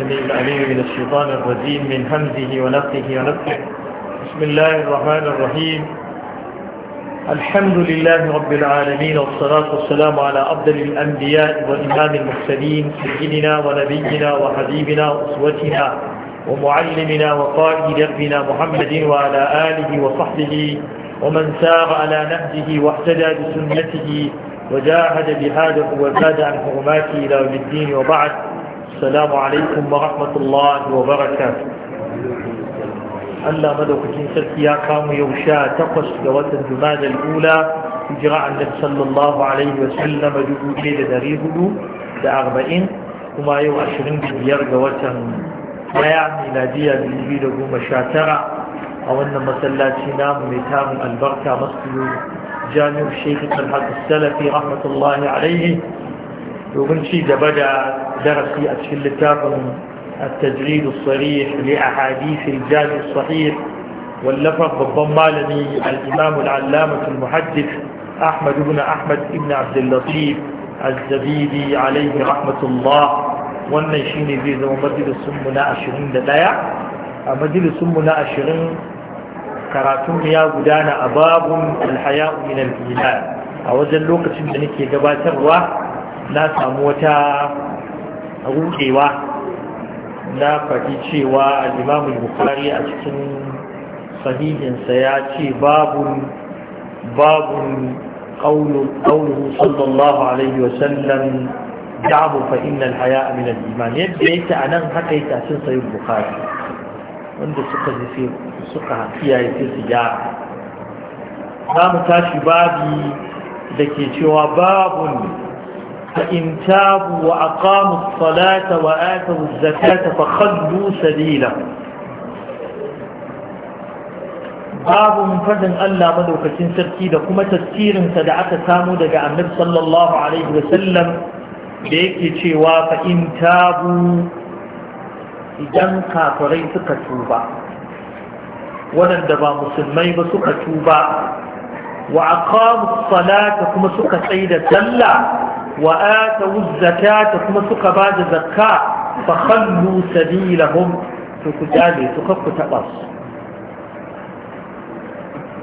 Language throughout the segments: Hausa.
السميع العليم من الشيطان الرجيم من همزه ونفسه ونفسه بسم الله الرحمن الرحيم الحمد لله رب العالمين والصلاة والسلام على أفضل الأنبياء وإمام المرسلين سيدنا ونبينا وحبيبنا وأسوتنا ومعلمنا وقائد ربنا محمد وعلى آله وصحبه ومن سار على نهجه واهتدى بسنته وجاهد بهذا وزاد عن حرماته إلى الدين وبعد السلام عليكم ورحمة الله وبركاته ألا مدوكتين سركيا كام يوشا تقص جوات الجمال الأولى إجراء النبي صلى الله عليه وسلم جبو إلى دريه لأربعين وما يو أشرين بيار جوات ويا ميلادية بالنبي لقوم شاترة أو أن مسلاتنا ميتام البركة مسجد جامع الشيخ الحق السلفي رحمة الله عليه domin ci gaba da darasi a cikin littafin التجريد الصريح لأحاديث الجامع الصحيح واللفظ بالضمالني الإمام العلامة المحدث أحمد بن أحمد بن عبد اللطيف الزبيدي عليه رحمة الله wannan shi ne zai zama majalisunmu na ashirin da ɗaya a majalisunmu na ashirin karatun ya gudana a babun alhaya min al a wajen lokacin da nake gabatarwa na samu wata rukewa na faɗi cewa al'imamun bukari a cikin sahihinsa ya ce babun babun ƙaunuhu sallallahu alaihi wasallam da'abu fa'inan haya a minan iman yadda yake a nan haka yake a cin sayin bukari wanda suka ji suka kiyaye sai su gyara za mu tashi babi da ke cewa babun فإن تابوا وأقاموا الصلاة وآتوا الزكاة فخذوا سبيلا باب فدن ألا مدوك تنسرتي لكم تذكير سدعة تامو دقاء النبي صلى الله عليه وسلم بيكي تشيوا فإن تابوا إذن كافرين سكتوبا ولن دبا مسلمين سكتوبا وأقاموا الصلاة كما سكتين سلا وآتوا الزكاة ثم سكا بعد زكاة فخلوا سبيلهم فكتالي تخف تقص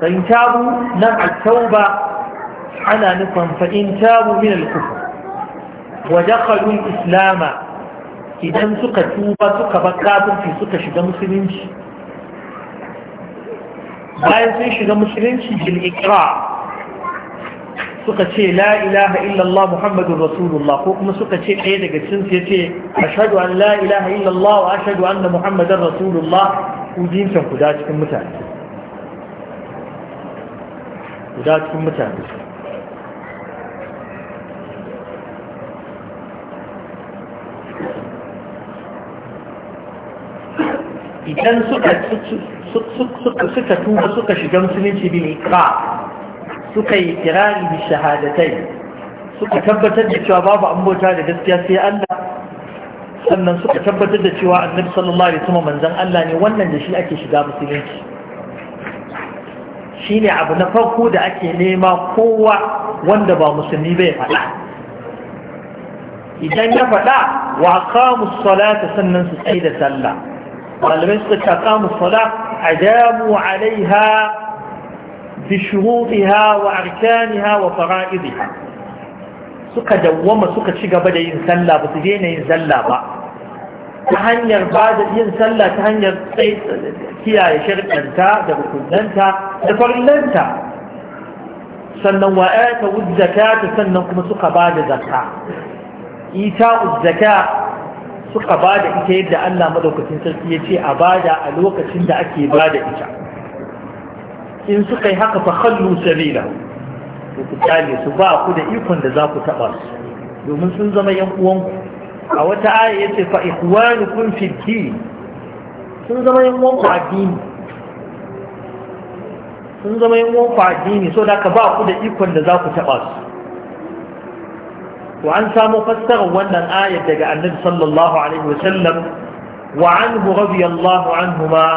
فإن تابوا نمع التوبة على نفهم فإن تابوا من الكفر ودخلوا الإسلام إذا سكا توبة سكا بكاتم في سكا لا مسلمين باين سيشد مسلمين بالإكراه suka ce la ilaha illallah muhammadun rasulullah ko kuma suka ce ɗaya daga cikin su yace ashhadu an la ilaha illallah wa ashhadu anna muhammadar rasulullah ku jinsan ku da cikin mutane ku da cikin mutane idan suka suka suka tuba suka shiga musulunci bin ikra suka yi kirari bi shahadatai suka tabbatar da cewa babu an bauta da gaskiya sai Allah sannan suka tabbatar da cewa annabi sallallahu alaihi wasallam manzon Allah ne wannan da shi ake shiga musulunci shine abu na farko da ake nema kowa wanda ba musulmi bai faɗa idan ya faɗa wa aqamus salata sannan su tsaye da sallah malamai suka ce aqamus a adamu alaiha wa بشروطها وأركانها وفرائضها suka dawwama suka ci gaba da yin sallah ba su daina yin sallah ba ta hanyar ba da yin sallah ta hanyar kiyaye sharɗanta da rukunanta da farillanta sannan wa ta wuzzaka ta sannan kuma suka ba da zakka ita uzzaka suka ba da ita yadda Allah madaukakin sarki ya ce a bada a lokacin da ake ba da ita in suka yi haka fa hallu sabila to ku kyale su ba ku da ikon da za ku taɓa su domin sun zama yan uwanku a wata aya yace fa ikhwanukum fi din sun zama yan uwanku dini. sun zama yan uwanku dini so da ka ba ku da ikon da za ku taɓa su to an samu fassarar wannan ayar daga annabi sallallahu alaihi wa sallam wa anhu radiyallahu ma.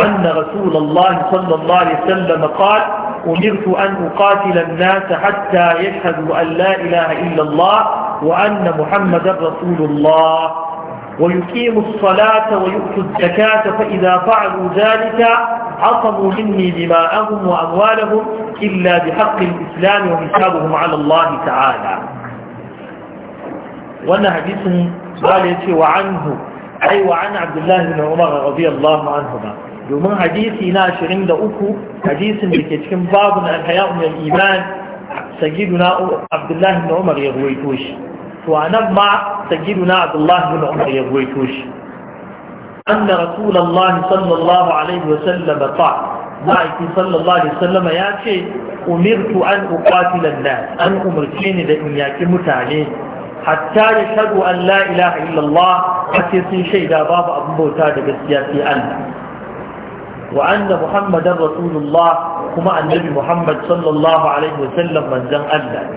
أن رسول الله صلى الله عليه وسلم قال أمرت أن أقاتل الناس حتى يشهدوا أن لا إله إلا الله وأن محمدا رسول الله ويقيموا الصلاة ويؤتوا الزكاة فإذا فعلوا ذلك عصموا مني دماءهم وأموالهم إلا بحق الإسلام وحسابهم على الله تعالى وأن حديث قال وعنه أي وعن عبد الله بن عمر رضي الله عنهما domin hadisi na 23 hadisin da ke cikin babu na alhaya umar iman sagiduna abdullahi na umar ya ruwaito shi to a nan ma sagiduna abdullahi na umar ya ruwaito shi أن رسول الله صلى الله عليه وسلم قال ma'aiki sallallahu alaihi wa sallama ya ce umirtu an uqatilan nas an umarce ni da in yaki mutane hatta ya shaɗu an la ilaha illallah a ce sun shaida babu abin bauta da gaskiya sai Allah wa anna muhammadan rasulullah kuma annabi muhammad sallallahu alaihi wasallam manzon Allah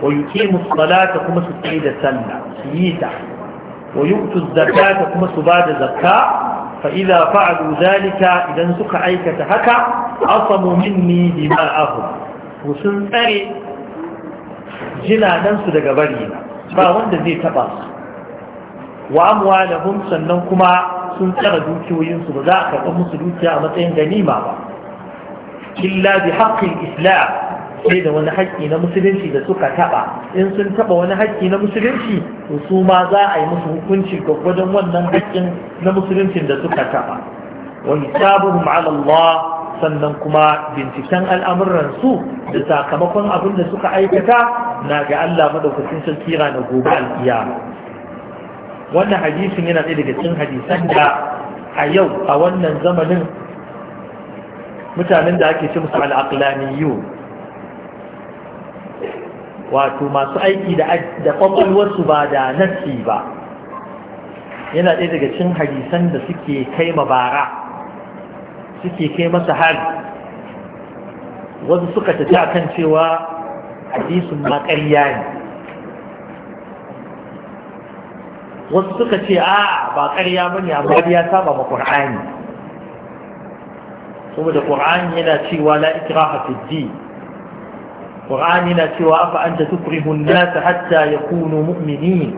wa yuqimu as kuma su ci da sallah su yi ta zakata kuma su ba da zakka fa idza fa'alu idan suka aikata haka asamu minni dima'ahum ku sun tsare jinadan su daga bari ba wanda zai taɓa. su wa amwalahum sannan kuma sun tsara dukiyoyinsu ba za a karɓar musu dukiya a matsayin ganima ba illa bi haƙƙin islam sai da wani haƙƙi na musulunci da suka taɓa in sun taɓa wani haƙƙi na musulunci to su ma za a yi musu hukunci gwagwadon wannan haƙƙin na musuluncin da suka taɓa wa hisabuhum ala sannan kuma binciken al'amuran su da sakamakon abin da suka aikata na ga Allah madaukakin sarki na gobe al'iyama wannan hadisin yana ɗaya daga cikin hadisan da a yau a wannan zamanin mutanen da ake ce musu al'aqlaniyu wato masu aiki da kwakwalwarsu ba da nassi ba yana ɗaya daga cin hadisan da suke kai ma bara suke kai masa hari wasu suka tafi kan cewa hadisin maƙarya ne wasu suka ce a ba ƙarya ba ne amma ya saba ma ƙur'ani saboda ƙur'ani yana cewa la ikraha fi ƙur'ani yana cewa afa anta tukrihu an-nas hatta yakunu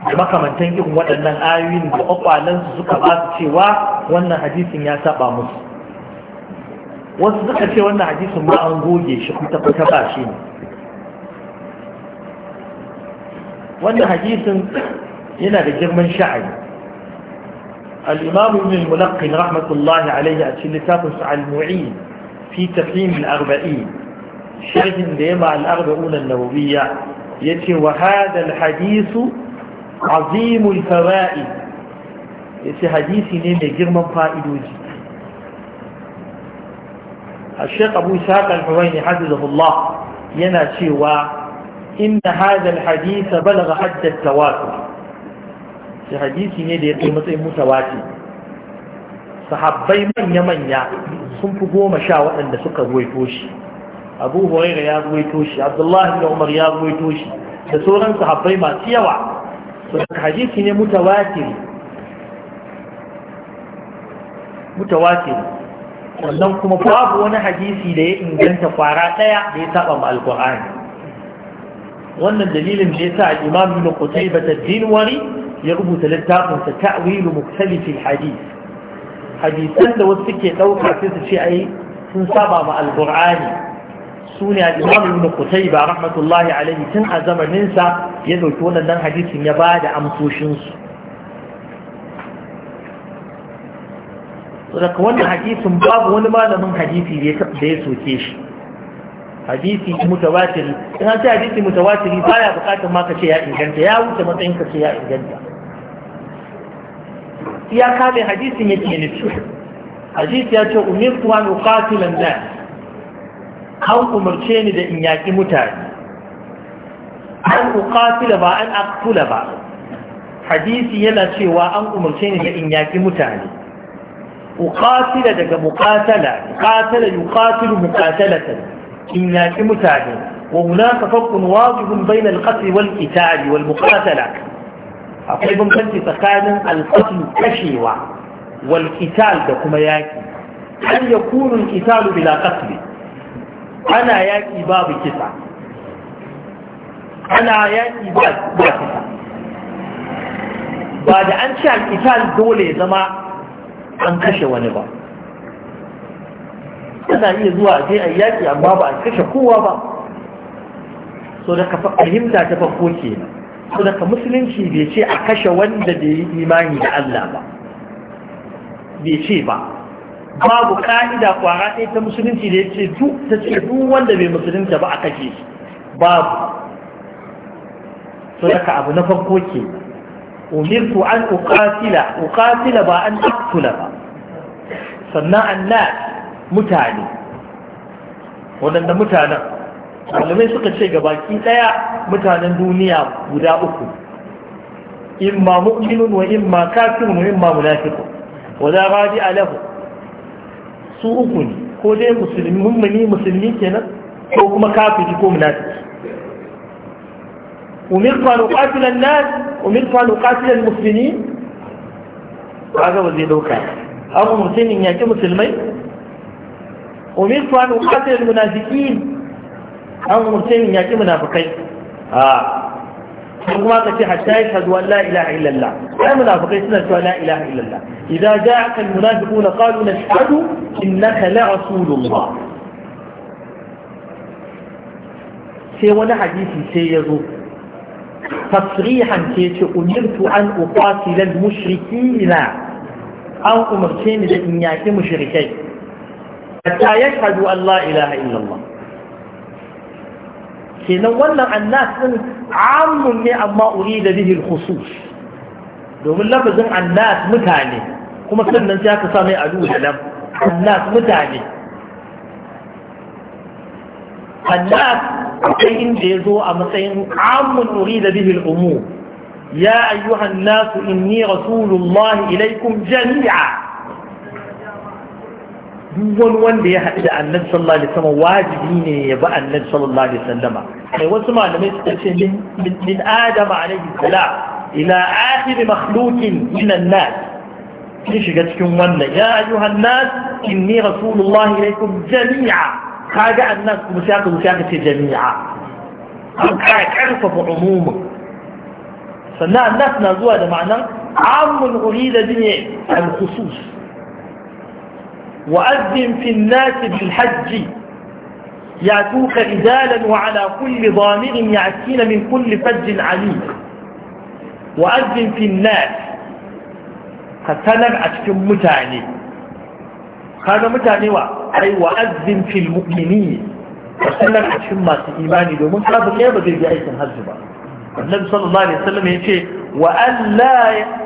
Da makamantan irin waɗannan ayoyin da ƙwaƙwalansu suka ba su cewa wannan hadisin ya saba musu wasu suka ce wannan hadisin ba an goge shi kuma ta ba shi ne wannan hadisin yana da girman sha'ani al-imam ibn al-mulaqqin rahmatullahi alayhi a cikin littafin sa al-mu'in fi tafhim arbain da yama al-arba'un an-nawawiyya yace wa hadha al-hadith azim hadisi ne mai girman fa'idoji الشيخ أبو إسحاق الحويني حفظه الله yana cewa. إن هذا الحديث بلغ حد التواتر في حديث يدي قيمة متواتر صحابي من يمن يا سنفقوا مشاوة أن سكا ويتوشي أبو هريرة يا ويتوشي عبد الله بن عمر يا ويتوشي لسورا صحابي ما سيوا حديث متواتر متواتر sannan kuma babu wani hadisi da ya inganta kwara ɗaya da ya saba ma alkur'ani wannan dalilin da yasa imam ibn qutaybah ad-dinwari ya rubuta littafinsa sa ta'wil mukhtalif al-hadith hadisan da wasu ke dauka sai su ce ai sun saba ma al-qur'ani sune al-imam ibn qutaybah rahmatullahi alayhi tun a zamanin sa ya dauki wannan hadisin ya bada amsoshin su Daga wannan hadisin babu wani malamin hadisi da ya soke shi hadisi mutawatiri in an ce hadisi mutawatiri baya bukatar ma ka ce ya inganta ya wuce matsayin ka ce ya inganta ya kame hadisin yake nufi hadisi ya ce umir an uqatila katilan nas an umarce ni da in yaki mutane an uqatila ba an aqtula ba hadisi yana cewa an umarce ni da in yaki mutane uqatila daga muqatala qatala yuqatilu ta. in yaƙi mutane wa hunaka fakkun wajibun bainal qatl wal qital wal muqatala akwai bambanci tsakanin al kashewa wal qital da kuma yaƙi An yakunu al-qital bila qatl ana yaƙi babu kisa ana yaƙi ba kisa ba da an ci alƙital dole ya zama an kashe wani ba Yana iya zuwa a je a yaƙi amma ba a kashe kowa ba so da ka fahimta ta farko kenan so da ka musulunci bai ce a kashe wanda bai yi imani da Allah ba bai ce ba babu ka'ida kwara ɗaya ta musulunci da ya ce ta ce duk wanda bai musulunta ba a kashe shi babu so da ka abu na farko kenan أمرت أن أقاتل أقاتل بأن أقتل با. صنع الناس mutane waɗanda mutanen malamai suka ce ga baki ɗaya mutanen duniya guda uku In ma mu'minun wa ma kafirun wa ma munafiqun wa za raji alahu su uku ne ko dai musulmi mummuni musulmi kenan ko kuma kafiri ko munafiki umirtu an uqatila an-nas umirtu an uqatila al-muslimin kaga ba zai dauka an mutumin yake musulmai umirtu an uqatil al an umarce ni yaki munafikai a ah. sun kuma ka ce hatta ya shahadu an la ilaha illallah ai munafikai suna cewa la ilaha illallah idan ja'aka al munafiquna qalu nashhadu innaka la rasulullah sai wani hadisi sai ya zo tasrihan ce ce umirtu an uqatila al mushrikina an umarce ni da in yaki mushrikai hatta yashhadu an la ilaha illallah kenan wannan annas in amun ne amma urida bihi al domin lafazin annas mutane kuma sannan sai aka sa mai alu da annas mutane annas akwai inda ya zo a matsayin amun urida da bihil umu ya ayyuhan nasu inni rasulullah ilaikum jami'a duwan wanda ya haɗu da annabi sallallahu alaihi wasallam wajibi ne ya bi annabi sallallahu alaihi wasallam kai wasu malamai suka ce min min adam alaihi salam ila akhir makhluqin min an-nas kin shiga cikin wannan ya ayyuhan nas inni rasulullahi ilaikum jami'a kaga annas kuma sai aka sai aka ce jami'a an ka karfafa umumin sannan annas na zuwa da ma'anan amul urida bi al-khusus وأذن في الناس بالحج يأتوك إدالا وعلى كل ضامر يأتين من كل فج عليم وأذن في الناس كسنر أشكم متعني هذا متعني أي وأذن في المؤمنين كسنر أشكم ما في إيماني دومون هذا غير بدي بأي سنهزبا النبي صلى الله عليه وسلم يقول وأن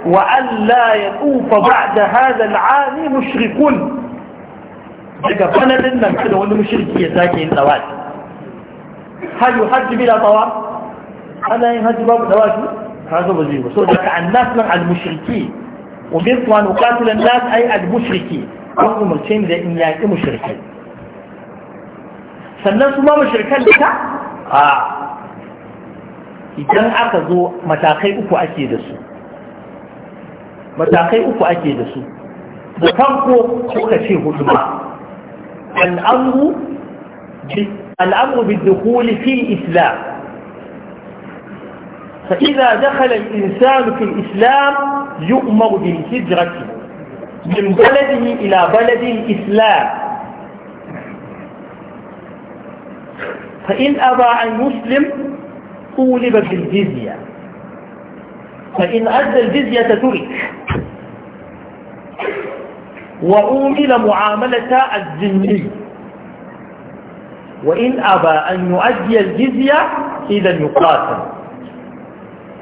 وألا يطوف بعد هذا العام مشركون daga fanadin nan kada wani mushriki ya sake yin tsawafi har yi hajji bila tsawa ana yin hajji babu tsawafi ka zo ba zai ba so daga annas nan al-mushriki umirtu an uqatil an-nas ay al-mushriki an umarce ni da in yaƙi mushriki sannan su ma mushrikan duka a idan aka zo matakai uku ake da su matakai uku ake da su da farko suka ce hudu ba الأمر الأمر بالدخول في الإسلام فإذا دخل الإنسان في الإسلام يؤمر بالهجرة من بلده إلى بلد الإسلام فإن أبى المسلم طولب بالجزية فإن أدى الجزية ترك وأومل معاملة الجني وإن أبى أن يؤدي الجزية إذا يقاتل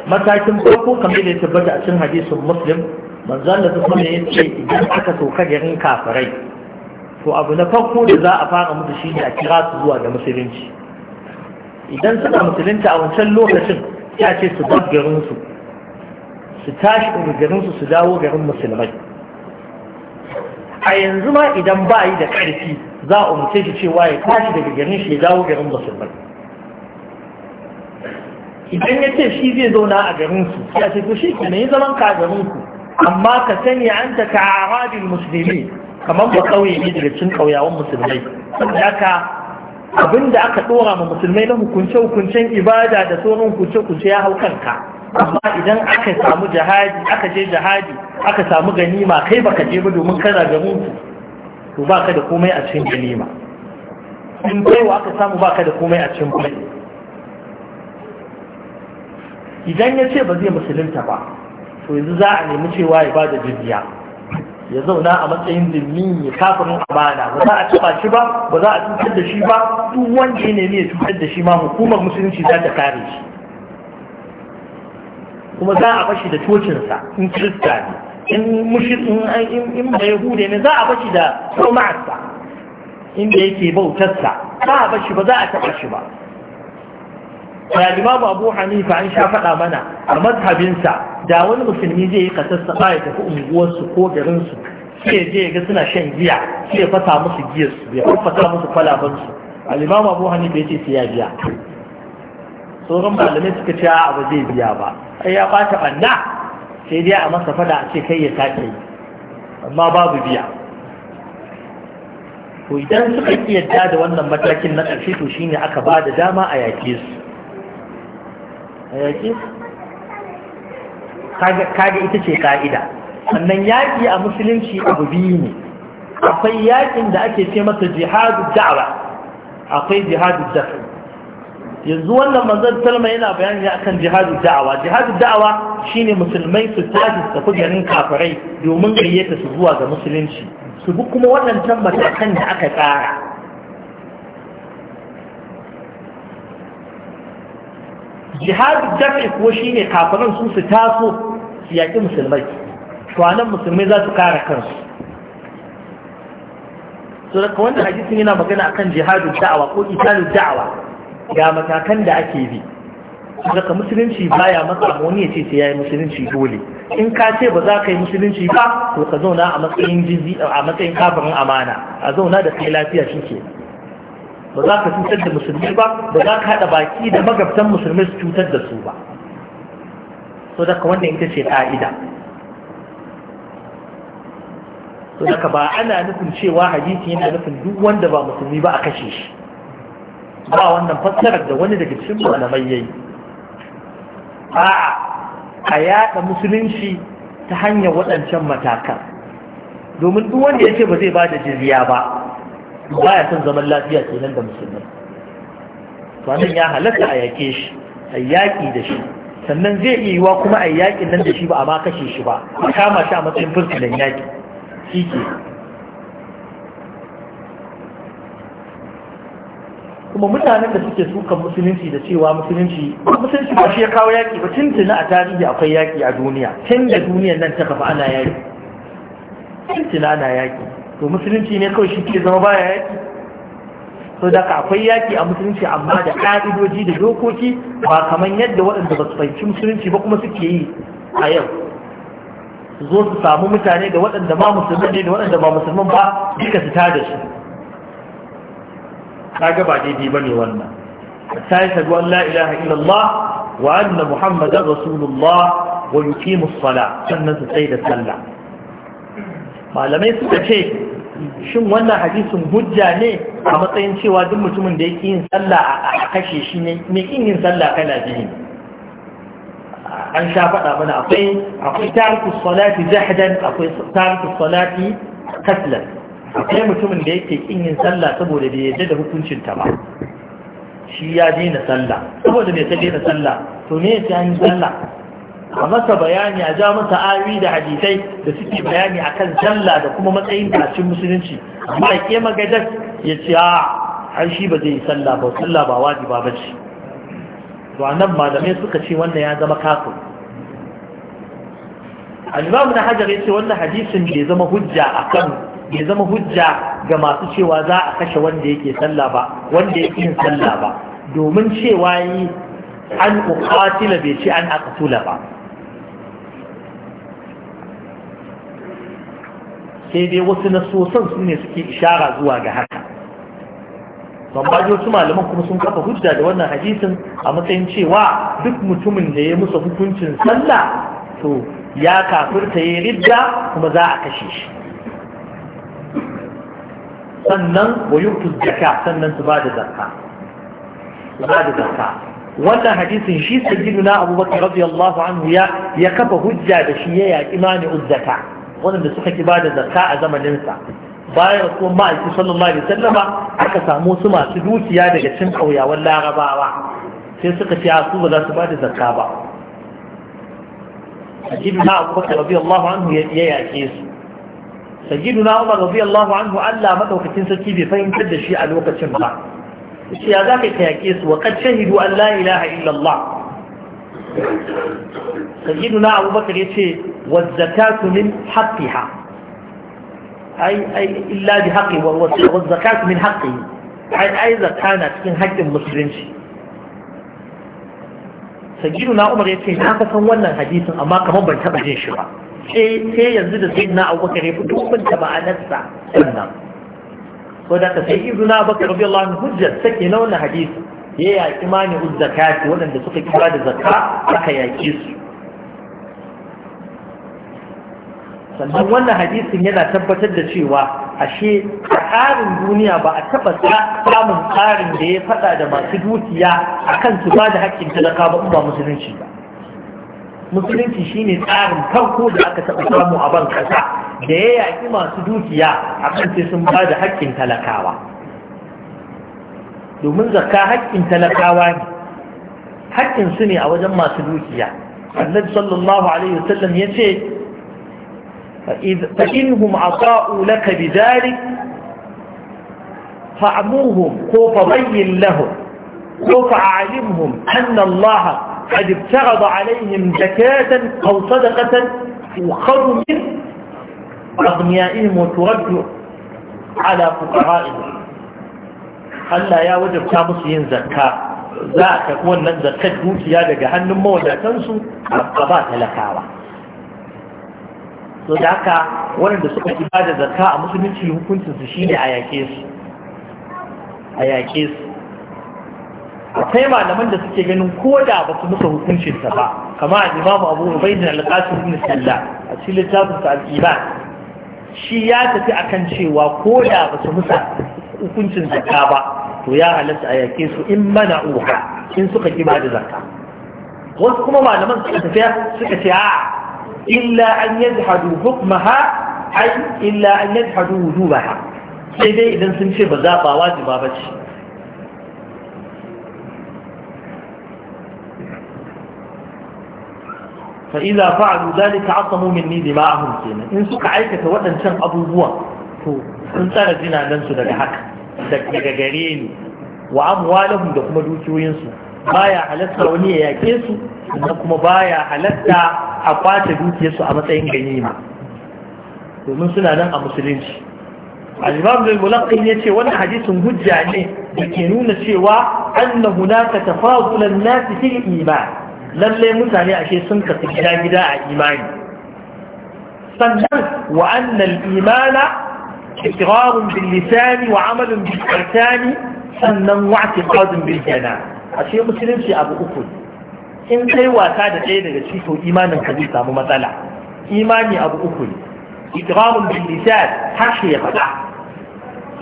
متى تنفقوا كم إلي تبدأ سن حديث مسلم من ظل تصمي يتشي إذن أكسوا كجرين كافرين فأبو نفقوا لذا أفاق مدشين أكرات زواج مسلمين إذن سنة مسلمين أونسان لوحة ya ce su bar garinsu su tashi daga garinsu su dawo garin musulmai a yanzu ma idan ba yi da ƙarfi za a umarce shi cewa ya tashi daga garin shi ya dawo garin musulman. idan ya ce shi zai zauna a garin su, ya ce to shi ke mai zaman ka garin ku amma ka sani an ta ka arabin musulmi kamar ba kauye ne daga cin kauyawan musulmai abin da aka ɗora ma musulmai na hukunce-hukuncen ibada da sauran hukunce-hukunce ya hau kanka amma idan aka samu jihadi aka je jihadi aka samu ganima kai baka je ba domin kana mutu, to baka da komai a cikin ganima in baiwa aka samu baka da komai a cikin bai idan ya ce ba zai musulunta ba to yanzu za a nemi cewa ya ba da jizya ya zauna a matsayin zimmi ya kafirin amana ba za a taba shi ba ba za a cutar da shi ba duk wanda ya nemi ya cutar da shi ma hukumar musulunci za ta kare shi kuma za a bashi da cocinsa in kirista ne in mushirin in ba yahude ne za a bashi da somarsa inda yake bautarsa za a bashi ba za a taba shi ba ya limamu abu hanifa an sha faɗa mana a mazhabinsa da wani musulmi zai yi kasassa ba ya tafi unguwarsu ko garinsu sai je ga suna shan giya sai fasa musu giyarsu ya fasa musu kwalabansu alimamu abu hanifa ya ce sai ya biya sauran malamai suka ce a ba zai biya ba sai ya ɓata ɓanna sai dai a masa faɗa a ce kai ya sake yi amma babu biya to idan suka ƙi yadda da wannan matakin na ƙarshe to shine aka ba da dama a yaƙe su yaƙi kaga ita ce ka'ida sannan yaƙi a musulunci abu biyu ne akwai yaƙin da ake ce masa jihadu da'awa akwai jihadu da'awa. yanzu wannan manzan salma yana bayani akan jihadu da'awa. jihadu da'awa shine musulmai su tashi su tafi garin kafirai domin gayyata su zuwa ga musulunci su bi kuma wannan waɗancan kan da aka tsara jihadu dafi kuwa shine kafiran su su taso su yaƙi musulmai to musulmai za su kare kansu to daga wannan hadisin yana magana akan jihadu da'awa ko itanu da'awa ga matakan da ake bi daga musulunci baya matsa wani ya ce sai yayi musulunci dole in ka ce ba za ka yi musulunci ba to ka zauna a matsayin jizi a matsayin kafirin amana a zauna da kai lafiya shike ba za ka cutar da musulmi ba ba za ka haɗa baki da magabtan musulmi su cutar da su ba so daga wannan ita ce ƙa'ida so daga ba ana nufin cewa hadisi yana nufin duk wanda ba musulmi ba a kashe shi ba wannan fassarar da wani daga cikin malamai yayi a'a a yaɗa musulunci ta hanyar waɗancan matakan domin duk wanda ya ce ba zai ba da jizya ba baya son zaman lafiya kenan da musulmai wannan ya halatta a yake shi a yaƙi da shi sannan zai iya yiwa kuma a yaƙin nan da shi ba a ma kashe shi ba a kama shi a matsayin fursunan yaƙi shi ke kuma mutanen da suke sukan musulunci da cewa musulunci musulunci ba shi ya kawo yaƙi ba tun tuni a tarihi akwai yaƙi a duniya tun da duniyar nan ta kafa ana yaƙi tun tuni ana yaƙi to musulunci ne kawai shi ke zama baya yaki so da akwai yaki a musulunci amma da ƙa'idoji da dokoki ba kamar yadda waɗanda ba su fahimci musulunci ba kuma suke yi a yau su zo su samu mutane da waɗanda ba musulman ne da waɗanda ba musulman ba duka su tada su kaga ba daidai ba ne wannan ta yi shaɗu an la'ilaha illallah wa anna muhammadan rasulullah wa yuqimus sala sannan su tsaye da sallah malamai suka ce shin wannan hadisin hujja ne a matsayin cewa duk mutumin da yake yin sallah a kashe shi ne me kin yin sallah kana biyu an sha faɗa mana akwai akwai tariku salati jahdan akwai tariku salati kaslan akwai mutumin da yake kin yin sallah saboda bai yarda da hukuncin ta ba shi ya daina sallah saboda bai ta daina sallah to me ya an yi sallah a masa bayani a ja masa ayoyi da hadisai da suke bayani akan jalla da kuma matsayin kacin musulunci amma ya ke magadas ya ce a har shi ba zai yi sallah ba sallah ba wajiba ba ce to annan malamai suka ce wannan ya zama kafin al-imam na hajar ya ce wannan hadisin bai zama hujja akan ya zama hujja ga masu cewa za a kashe wanda yake sallah ba wanda yake yin sallah ba domin cewa yi an uqatila bai ce an aqtula ba sai dai wasu nasosan su ne suke ishara zuwa ga haka bambaji wasu malaman kuma sun kafa hujja da wannan hadisin a matsayin cewa duk mutumin da ya musa hukuncin sallah to ya kafirta ya ridda kuma za a kashe shi sannan wa yuktu sannan su ba da su ba da wannan hadisin shi sayyiduna abubakar radiyallahu anhu ya ya kafa hujja da shi ya yaƙi mani uzzaka waɗanda suka ki ba da zakka a zamaninsa bayan rasuwan ma'aiki sallallahu alaihi sallama aka samu su masu dukiya daga cin ƙauyawan larabawa sai suka ce su ba za su ba da zakka ba sajiduna abubakar rabi allahu anhu ya yake su sajiduna umar rabi allahu anhu allah madaukakin sarki bai fahimtar da shi a lokacin ba ya za ka yake su wa kan shahidu an la ilaha illallah na abubakar ya ce wazzakatu min haqqiha ai ai illa bi min haqqi ai ai zakka na cikin haƙƙin musulunci na umar ya ce na kasan wannan hadisin amma kamar ban taɓa jin shi ba sai yanzu da na abubakar ya fito ban taɓa anarsa sannan ko da ka sayyiduna abubakar radiyallahu anhu hujjar sake na wannan hadisin ya yaƙi mani zakati waɗanda suka kira da zakka aka yaƙi su sannan wannan hadisin yana tabbatar da cewa ashe tsarin duniya ba a taɓa samun tsarin da ya faɗa da masu dukiya a kan su ba da haƙƙin talaka ba ba musulunci ba musulunci shine tsarin farko da aka taɓa samu a ban ƙasa da ya yaƙi masu dukiya a kan sai sun ba da haƙƙin talakawa domin zakka haƙƙin talakawa ne haƙƙin su ne a wajen masu dukiya annabi sallallahu alaihi wasallam ya ce fa inhum ata'u laka bidhalik fa'muhum ko fa bayyin lahum ko fa alimhum anna Allah قد ابتغض عليهم زكاة أو صدقة تؤخذ من أغنيائهم وترد على فقرائهم Allah ya wajabta musu yin zakka za a karɓi wannan zakkar dukiya daga hannun mawadatansu a ba talakawa so da haka waɗanda suka ba da zakka a musulunci hukuncinsu shine a yaƙe su a su akwai malaman da suke ganin ko da ba su musu hukuncinta ba kama a imamu abu ubaidin alƙasir ibn sallah a cikin littafin sa al-iman shi ya tafi akan cewa ko da ba su hukuncin zakka ba to ya halatta a yake su in mana uha in suka ki ba da zakka wasu kuma malaman suka tafiya suka ce a illa an hadu hukmaha ai illa an yajhadu wujubaha sai dai idan sun ce ba za ba wajiba ba ce فإذا فعلوا ذلك عصموا مني دماءهم كينا إن سوك عيكة ودن شن أبو بوا تو انتنا daga haka. daga gare ni wa amwalahum da kuma dukiyoyinsu baya halatta wani ya yake su sannan kuma baya halatta a kwace dukiyarsu a matsayin ganima domin suna nan a musulunci al-imam al-mulaqi ce, wannan hadisin hujja ne da ke nuna cewa anna hunaka tafadulan nas fil iman lalle mutane ashe sun kasu gida gida a imani sannan wa anna al-imana إقرار باللسان وعمل بالأركان sannan واعتقاد بالجنان ashe musulunci abu uku in kai wasa da ɗaya daga cikin imanin ka zai samu matsala imani abu uku ne ikramun bil lisan harshe ya faɗa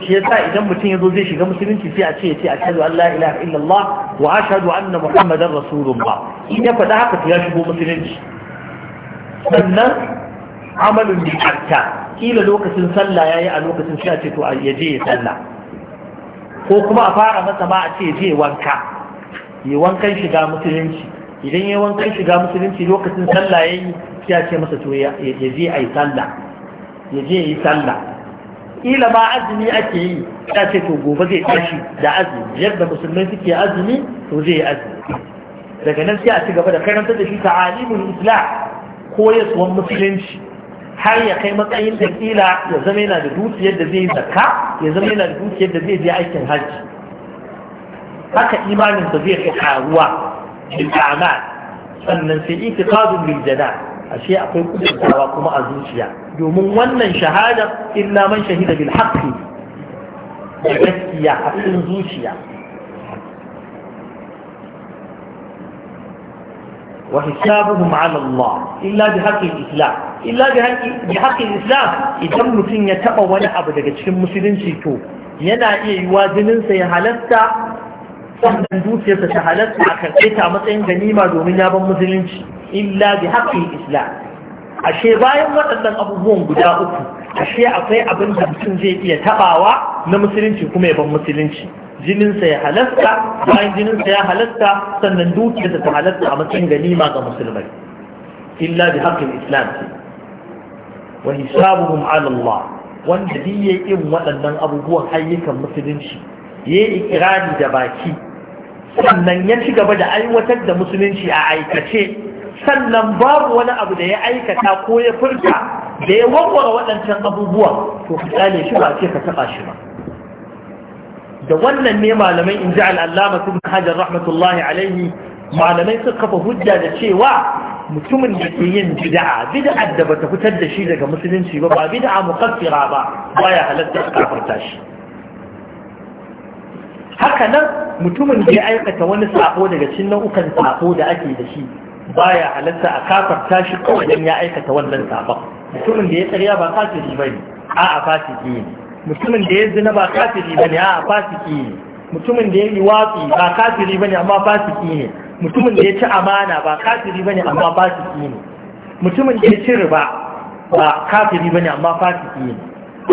shi yasa idan mutum yazo zai shiga musulunci sai a ce ya ce ashhadu an la ilaha illallah wa ashhadu anna muhammadar rasulullah in ya faɗa haka ya shigo musulunci sannan amalin bi hatta kila lokacin sallah yayi a lokacin sai a ce to ya je ya sallah ko kuma a fara masa ma a ce je wanka yi wankan shiga musulunci idan ya wankan shiga musulunci lokacin sallah yayi sai ce masa to ya je ayi sallah ya je yi sallah kila ma azumi ake yi ya ce to gobe zai tashi da azumi yadda musulmai suke azumi to zai yi azumi daga nan sai a ci gaba da karanta da shi ta ta'alimul islam koyaswan musulunci har ya kai matsayin da kila ya zama yana da dukiyar da zai zakka ya zama yana da dukiyar da zai je aikin hajji haka imanin da zai fi karuwa bil a'mal sannan sai itiqadun bil jana ashe akwai kudurtawa kuma a zuciya domin wannan shahada illa man shahida bil haqqi da gaskiya a cikin zuciya وحسابهم على الله إلا بحق الإسلام إلا بحق الإسلام إذا متن يتقى ولا أبدا كتشم مسلم شيتو ينا إيه يوازنن سيحالتا sannan dukiyarsa ta halatta a karɓe ta matsayin ganima domin ya ban musulunci illa bi haƙƙin islam ashe bayan waɗannan abubuwan guda uku ashe akwai abin da mutum zai iya taɓawa na musulunci kuma ya ban musulunci jininsa ya halasta bayan jininsa ya halasta sannan dukiyarsa ta halasta a matsayin ganima ga musulmai illa bi haqqil islam wa hisabuhum ala Allah wanda duk ya irin waɗannan abubuwan ayyukan musulunci yayi ikirari da baki sannan ya ci gaba da aiwatar da musulunci a aikace sannan babu wani abu da ya aikata ko ya furta da ya warware waɗancan abubuwa to ka shi ba ce ka taɓa shi ba da wannan ne malamai in ji al'allama su hajar rahmatullahi alaihi malamai suka kafa hujja da cewa mutumin da ke yin bida'a bid'a da bata fitar da shi daga musulunci ba ba bid'a muqaffira ba baya halatta a kafarta shi haka nan mutumin da ya aikata wani sako daga cikin nau'ukan sako da ake da shi ya halatta a kafarta shi kawai dan ya aikata wannan sabon mutumin da ya tsariya ba kafiri bane a'a fasiki ne mutumin da ya zina ba kafiri bane a fasiki ne mutumin da ya yi watsi ba kafiri bane amma fasiki ne mutumin da ya ci amana ba kafiri bane amma fasiki ne mutumin da ya ci riba ba kafiri bane amma fasiki ne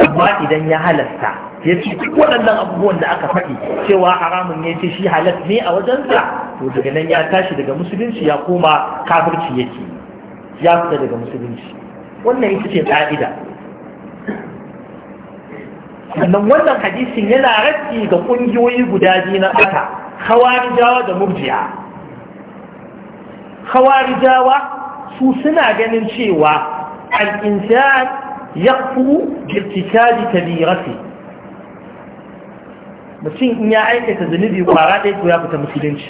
amma idan ya halasta ya ci duk waɗannan abubuwan da aka faɗi cewa haramun ne ce shi halas ne a wajensa to daga nan ya tashi daga musulunci ya koma kafirci yake ya fita daga musulunci wannan ita ce ƙa'ida sannan wannan hadisin yana raddi ga ƙungiyoyi guda biyu na ɓata hawarijawa da murjiya hawarijawa su suna ganin cewa al'insan ya kuru jirtikaji tabirafi mutum in ya aikata zunubi kwara ɗaya ko ya fita musulunci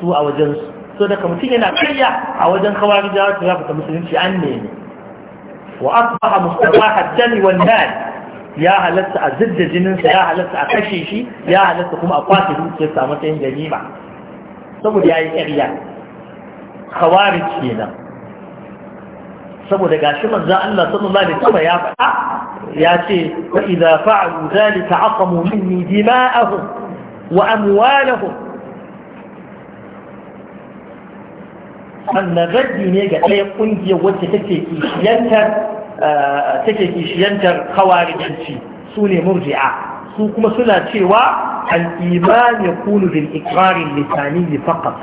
su a wajensu so daga mutum yana karya a wajen hawarijawa to ya fita musulunci an nemi wa a mustafa haddani wannan ya halatta a zidda jininsa ya halatta a kashe shi ya halatta kuma a kwace dukiyarsa a yin ganima saboda ya yi ƙarya kawarin kenan saboda ga shi manzo Allah sallallahu alaihi wasallam ya faɗa ya ce wa idza fa'alu zalika aqamu minni dima'ahum wa amwalahum annabi ne ga ɗaya kungiyar wacce take kishiyantar take kishiyantar khawarijanci su ne murji'a su kuma suna cewa al ya kunu bil iqrar lisani faqat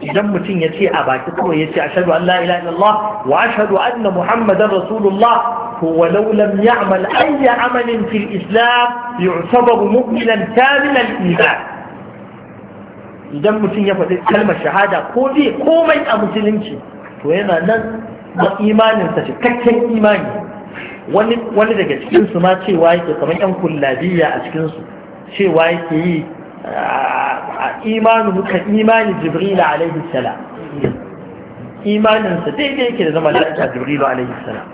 idan mutum ya ce a baki kawai ya ce ashadu an la ilaha illallah wa ashadu anna muhammadan rasulullah ولو لم يعمل أي عمل Islam الإسلام يعتبر مؤمنا كامل الإيمان idan mutum ya faɗi kalmar shahada ko zai komai a musulunci to yana nan kuma imaninsa cikakken imani wani daga cikinsu ma cewa yake kamar yan kullabiya a cikinsu cewa yake yi a imanu ka imani jibril alaihi salam imaninsa daidai yake da zama lafiya Jibrila alaihi salam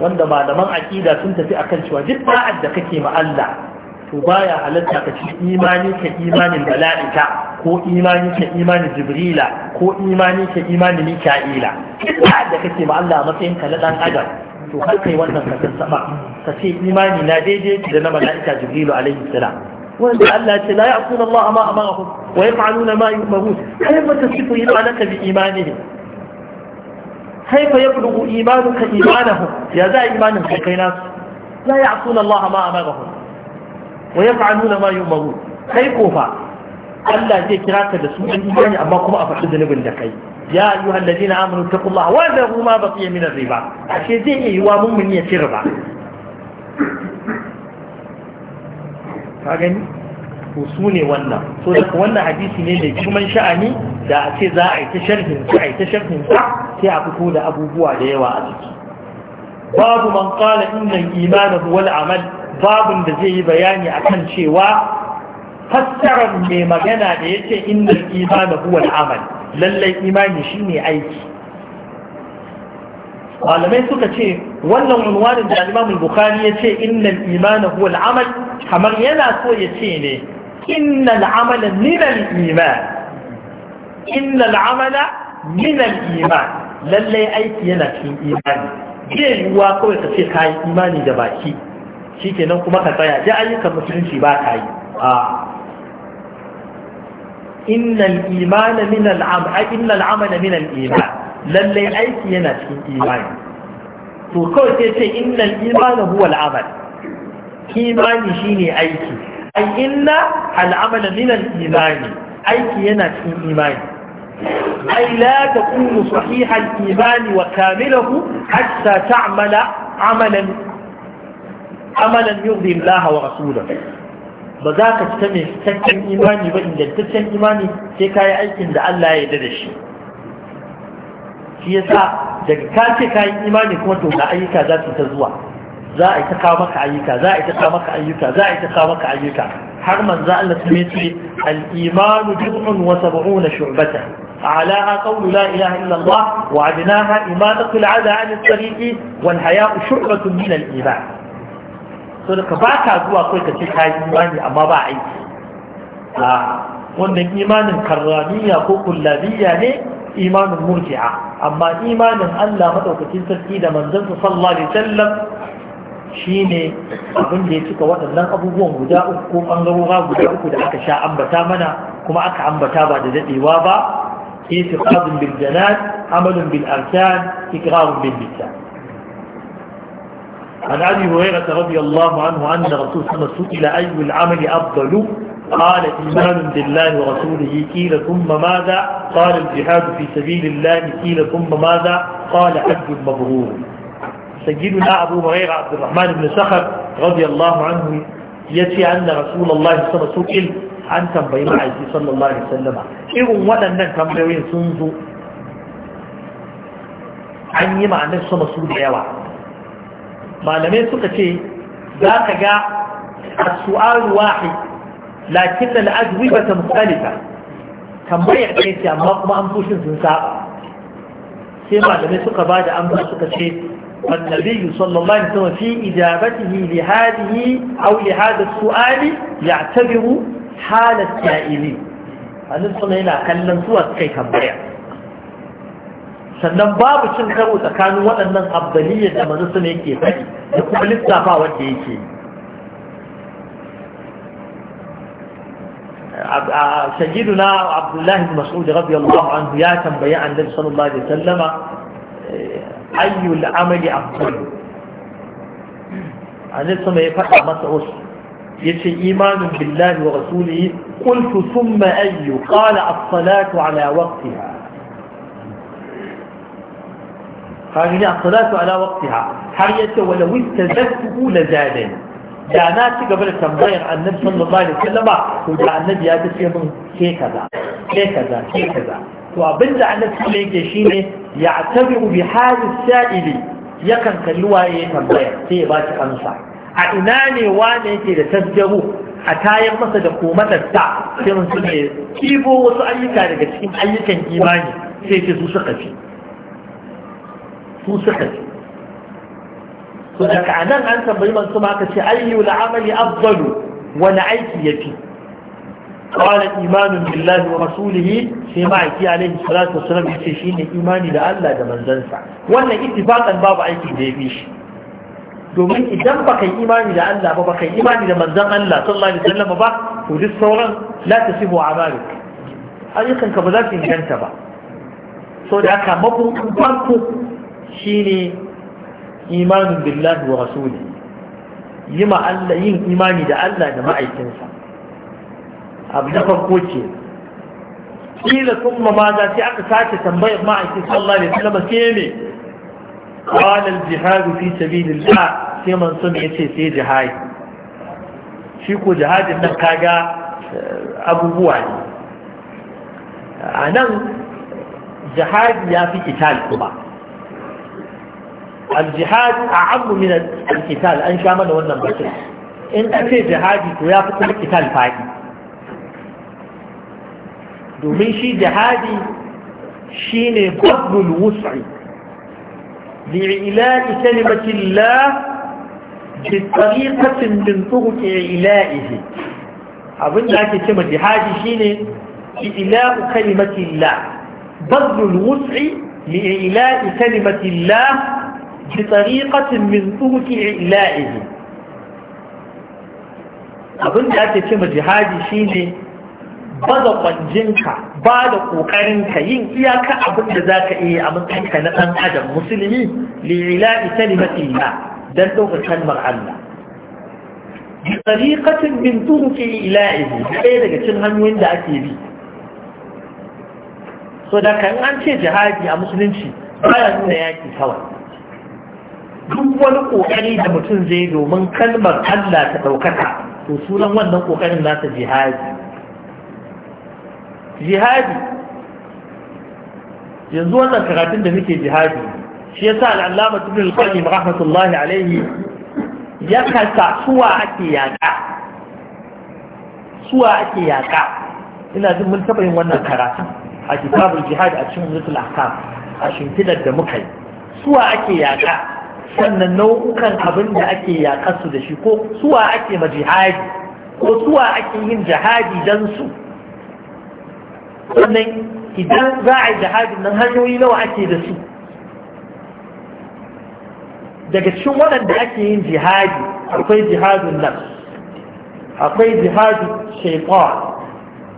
wanda malaman aƙida sun tafi akan cewa duk ba'ad da kake ma Allah to baya halatta ka ce imani ka imanin mala'ika ko imani ka imanin jibrila ko imani ka imanin mika'ila illa da kake ma Allah matsayin ka na dan adam to har kai wannan ka san sama ka ce imani na daidai da na mala'ika jibrilu alaihi salam wanda Allah ce la ya'tuna Allah ma amarahu wa yaf'aluna ma yu'marun kai mata sifu imanaka bi imanihi كيف يبلغ إيمانك إيمانهم يا ذا إيمان الحقينات لا يعصون الله ما أمرهم wa yaf'aluna ma yu'marun kai ko fa Allah zai kira ka da sunan imani amma kuma a faɗi zunubin da kai ya ayyuhal ladina ta kuma. wa dahu ma baqiya min riba ashe zai iya yiwa mummuni ya cire ba? ka gani to su ne wannan so daga wannan hadisi ne mai girman sha'ani da a ce za a yi ta sharhin su a yi ta sharhin sa sai a fito da abubuwa da yawa a ciki babu man qala inna al-iman amal babin da zai yi bayani a kan cewa fassarar mai magana da ce innal imanu huwa al lallai imani ne aiki malamai suka ce wannan unwanin da al-Imam Bukhari ya ce innal imanu huwa al kamar yana so ya ce ne innal amala min iman innal amala min iman lallai aiki yana cikin imani zai yiwuwa kawai ka ce kayan imani da baki shikenan kuma ka tsaya da ayyukan musulunci ba ka yi a innal imana min al'am a innal amala min al'iman lalle aiki yana cikin imani to kawai sai ce innal imana huwa al'amal imani shine aiki ai inna al'amala min imani? aiki yana cikin imani Ai أي لا تكون صحيح الإيمان وكامله حتى تعمل عملا عملا يرضي الله ورسوله بذاك تتمي تتم إيماني وإن دل تتم إيماني تيكا يأيكن دعال لا يددش في يسا دك كان تيكا إيماني كونتو لأيكا ذات تزوى ذا اتقامك أيكا ذا اتقامك أيكا ذا اتقامك أيكا حرما ذا اللي تميتي الإيمان جرع وسبعون شعبته علىها قول لا إله إلا الله وعدناها إمادة العدى عن الطريق والحياء شعبة من الإيمان Sau da ka ba ka zuwa kai ka ce ka yi imani amma ba aiki a wannan imanin karramiya ko kullabiya ne imanin murji'a amma imanin Allah madaukakin sarki da manzansa sa sallallahu alaihi wasallam shine abin da ya cika waɗannan abubuwan guda uku ko bangarora guda uku da aka sha ambata mana kuma aka ambata ba da daɗewa ba itiqadun bil janat amalun bil arkan iqrarun bil lisan عن أبي هريرة رضي الله عنه أن رسول صلى الله عليه وسلم سئل أي العمل أفضل قال إيمان بالله ورسوله قيل ثم ماذا قال الجهاد في سبيل الله قيل ثم ماذا قال حج مبرور سيدنا أبو هريرة عبد الرحمن بن سخر رضي الله عنه يتي أن رسول الله صلى الله عليه وسلم سئل عن تنبي معيسي صلى الله عليه وسلم إذن ولن تنبيوين سنزو عن يمع نفسه مسؤول يوعد malamai suka ce za ka ga a su'ar wahi lakin da la'azubi ba ta musalita tambaya ka ɗaya amma kuma an fushin sun sai malamai suka ba da amsa suka ce annabi sallallahu alaihi wasallam fi ijabatihi li hadhihi aw li hadha as-su'ali ya'tabiru hal as-sa'ili annabi sallallahu alaihi wasallam yana kallon zuwa kai tambaya sannan babu cin karo tsakanin waɗannan abdaliyyar da manusa ne ke faɗi da kuma lissafa wanda yake yi سيدنا عبد الله بن مسعود رضي الله عنه يا تنبيا عن النبي صلى الله عليه وسلم أي العمل أفضل النبي صلى الله عليه وسلم مسعود يشي إيمان بالله ورسوله قلت ثم أي قال الصلاة على وقتها قال لي الصلاة على وقتها حريت ولو استزدته لزادني da na ci gaba da tambayar annabi sallallahu alaihi wasallam to da annabi ya ce min ke kaza ke kaza ke kaza to abinda annabi sallallahu yake shine ya tabi'u bi halis sa'ili yakan kalli waye tambaya sai ya ba shi amsa a ina ne wane yake da tasjaru a tayan masa da ta? sai mun sune kibo wasu ayyuka daga cikin ayyukan imani sai ce su suka fi su suka ce to daga anan an tambayi mansu ma aka ce ayyul amali afdalu wani aiki yafi قال إيمان wasu ورسوله فيما يأتي عليه الصلاة والسلام يتشين إيماني لألا ده من زنسع وأن اتفاقا باب عيك ديبيش domin idan baka yi imani da Allah ba baka yi imani da manzan Allah sallallahu alaihi wasallam ba to duk sauran la tasibu amalu ayyukan ba za su inganta ba so da aka mabukun farko shine imanin billahi wa rasuli yima yin imani da Allah da ma'aikinsa abu da farko ce kila sun ma sai aka sake tambayar ma'aikin sallallahu alaihi wasallam sai me qala al-jihad fi sabilillah sai mansun yace sai jihad shi ko jihadin nan kaga eh, abubuwa ne a nan jihadi ya fi ital kuma الجهاد أعظم من القتال أن شامل ونن بسر إن أتي جهادي تو يأخذ القتال فاقي دومين شي جهادي شيني قبل الوسع لإلاء كلمة الله بطريقة من طرق إلائه أظن ذلك كما جهادي شيني إلاء كلمة الله بذل الوسع لإلاء كلمة الله بطريقة من طرق إعلائه abin da ake ce jihadi shine baza kwanjinka ba da kokarinka yin iyaka abin da za ka iya a matsayinka na ɗan adam musulmi lila'i kalimatillah don ɗaukar kalmar Allah bi tariqatin min turuqi ila'ihi ɗaya daga cikin hanyoyin da ake bi so da kan an ce jihadi a musulunci baya nuna yaki kawai duk wani ƙoƙari da mutum zai domin kalmar Allah ta ɗaukaka to sunan wannan ƙoƙarin nasa jihadi jihadi yanzu wannan karatun da muke jihadi shi ya sa al'allama tubin alƙarni rahmatullahi alaihi ya kasa suwa ake yaƙa suwa ake yaƙa ina jin mun taɓa yin wannan karatun a kitabul jihadi a cikin zutul ahkam a shimfidar da muka yi suwa ake yaƙa sannan nau'ukan abin da ake yaƙarsu da shi ko suwa ake ma jihadi ko suwa ake yin jihadi don su sannan idan za a yi jihadin nan hanyoyi nawa ake da su daga cikin waɗanda ake yin jihadi akwai jihadun nan akwai jihadun shaitan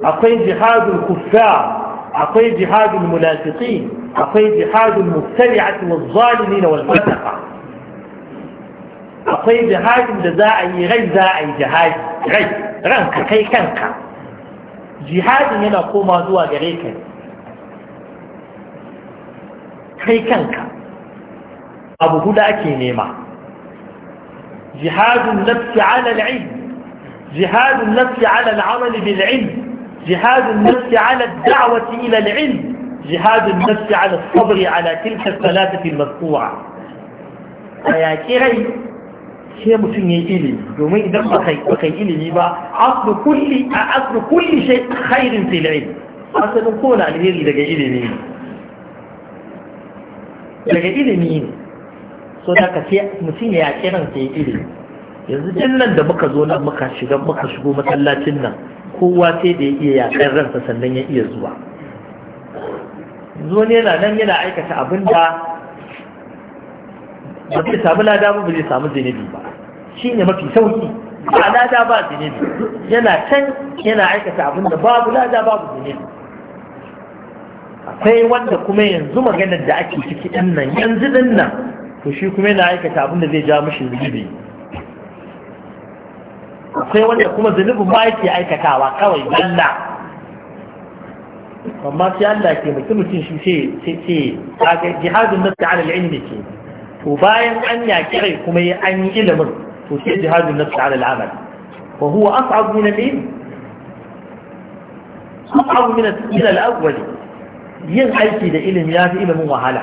akwai jihadun kuffar akwai jihadun munafiki akwai jihadun a wal zalimin na fataqa akwai jihadin da za a yi rai za a yi jihadi rai ranka kai kanka jihadin yana koma zuwa gare ka kai kanka abu huda ake nema jihadun nafsi ala al'ilm jihadun nafsi ala al'amal bil ilm jihadun nafsi ala ad-da'wati ila al-ilm jihadun nafsi ala as-sabr ala tilka al-thalathati al-mazkura ayaki rai sai mutum ya yi ilimi domin idan ba kai ilimi ba aslu kulli a aslu kulli shay khairin fil ilm asalin kowane alheri daga ilimi ne daga ilimi ne so da ka mutum ya yaƙi ran sai ilimi yanzu din nan da muka zo nan muka shiga muka shigo masallacin nan kowa sai da ya iya yaƙar ransa sannan ya iya zuwa zuwa ne yana nan yana aikata abin da ba zai samu lada ba ba zai samu zunubi ba shi ne mafi sauki ba lada ba zunubi yana can yana aikata abin da babu lada babu zunubi akwai wanda kuma yanzu maganar da ake ciki ɗin nan yanzu ɗin nan to shi kuma yana aikata abin da zai ja mashi zunubi akwai wanda kuma zunubin ba yake aikatawa kawai Allah amma sai Allah ke mutum mutum shi sai sai sai jihadun nasu ala ilmi ke to bayan an yaƙi rai kuma ya an yi ilimin to sai jihadun na ala al'amal wa huwa as'ab min na ilm as'ab min al-ilm al-awwal yin aiki da ilimi ya fi ilimin wahala